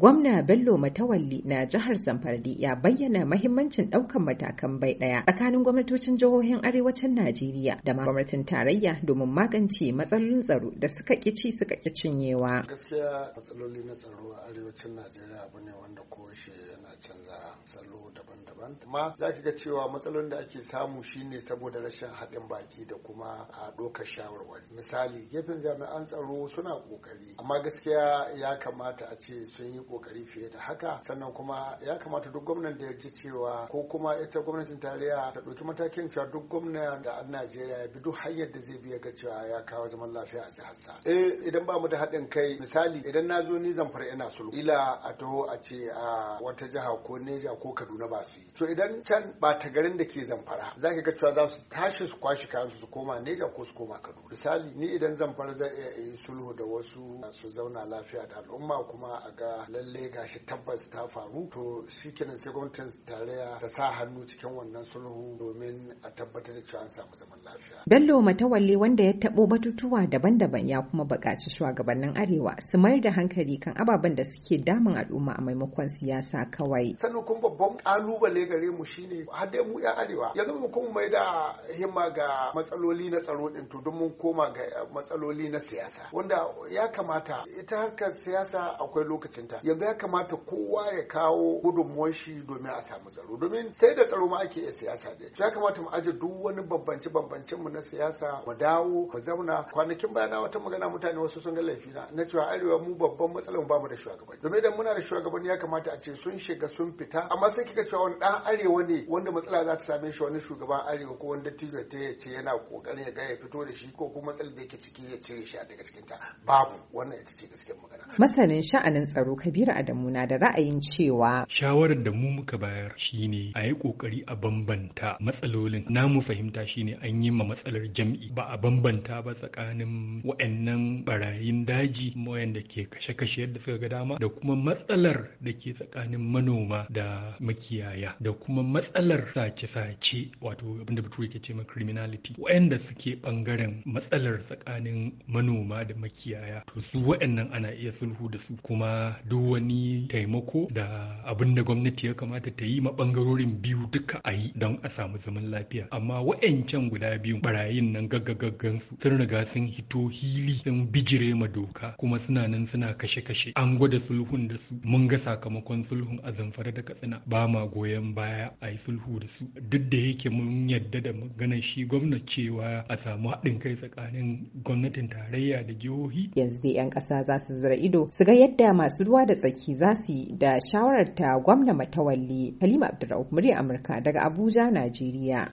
Gwamna Bello Matawalli na jihar Zamfardi ya bayyana mahimmancin ɗaukan matakan bai ɗaya tsakanin gwamnatocin jihohin arewacin Najeriya da ma gwamnatin tarayya domin magance matsalolin tsaro da suka ƙici suka ƙi cinyewa. Gaskiya matsaloli na tsaro a arewacin Najeriya abu ne wanda koshe yana canza salo daban-daban. Amma za ki ga cewa matsalolin da ake samu shine saboda rashin haɗin baki da kuma a ɗaukar shawarwari. Misali gefen jami'an tsaro suna ƙoƙari amma gaskiya ya kamata a ce sun yi kokari fiye da haka sannan kuma ya kamata duk gwamnan da ya ji cewa ko kuma ita gwamnatin tarayya ta ɗauki matakin cewa duk gwamna da a najeriya ya bi duk hanyar da zai biya ga cewa ya kawo zaman lafiya a jihar sa eh idan ba mu da haɗin kai misali idan na zo ni zamfara ina sulhu ila a taho a ce a wata jiha ko neja ko kaduna ba su yi to idan can ba ta garin da ke zamfara za ki ga cewa za su tashi su kwashi kayan su koma neja ko su koma kaduna misali ni idan zamfara zai iya yi sulhu da wasu su zauna lafiya da al'umma kuma a ga lalle gashi tabbas ta faru to kenan sai gwamnatin tarayya ta sa hannu cikin wannan sulhu domin a tabbatar da cewa an samu zaman lafiya Bello Matawalle wanda ya tabo batutuwa daban-daban ya kuma bukaci shugabannin Arewa su mayar da hankali kan ababen da suke damun al'umma a maimakon siyasa kawai sannan kuma babban kalubale gare mu shine har dai mu ya Arewa ya zama kun mai da himma ga matsaloli na tsaro din to don mun koma ga matsaloli na siyasa wanda ya kamata ita harkar siyasa akwai lokacinta yanzu ya kamata kowa ya kawo gudunmuwan shi domin a samu tsaro domin sai da tsaro ma ake iya siyasa da ya kamata mu aje duk wani bambance bambancen mu na siyasa mu dawo mu zauna kwanakin bayana wata magana mutane wasu sun ga laifi na na cewa arewa mu babban matsalar ba mu da shugabanni domin idan muna da shugabanni ya kamata a ce sun shiga sun fita amma sai kika cewa wani dan arewa ne wanda matsala za ta same shi wani shugaban arewa ko wanda tijo ta ya ce yana kokarin ya ga ya fito da shi ko kuma matsalar da yake ciki ya cire shi a daga cikin ta babu wannan ita ce gaskiyar magana masanin sha'anin tsaro kabi kabiru adamu na da ra'ayin cewa shawarar da mu muka bayar shine a yi kokari a bambanta matsalolin Na mu fahimta shine an yi ma matsalar jam'i ba a bambanta ba tsakanin wa'annan barayin daji wayanda ke kashe-kashe yadda suka ga dama da kuma matsalar da ke tsakanin manoma da makiyaya da kuma matsalar sace-sace wato abinda bature ke ce ma criminality wayanda suke bangaren matsalar tsakanin manoma da makiyaya to su wa'annan ana iya sulhu da su kuma duk wani taimako da abin da gwamnati ya kamata ta yi ma bangarorin biyu duka a yi don a samu zaman lafiya amma wa'ancan guda biyu barayin nan gaggagaggan su sun riga sun hito hili sun bijire ma doka kuma suna nan suna kashe-kashe an gwada sulhun da su mun ga sakamakon sulhun a zamfara da katsina ba ma goyon baya a yi sulhu da su duk da yake mun yadda da maganar shi gwamnati cewa a samu haɗin kai tsakanin gwamnatin tarayya da jihohi yanzu dai 'yan ƙasa za su zira ido su ga yadda masu ruwa da tsaki za su yi da shawarar ta gwamna matawalli Halima Abdulrauf murya Amurka daga Abuja, Najeriya.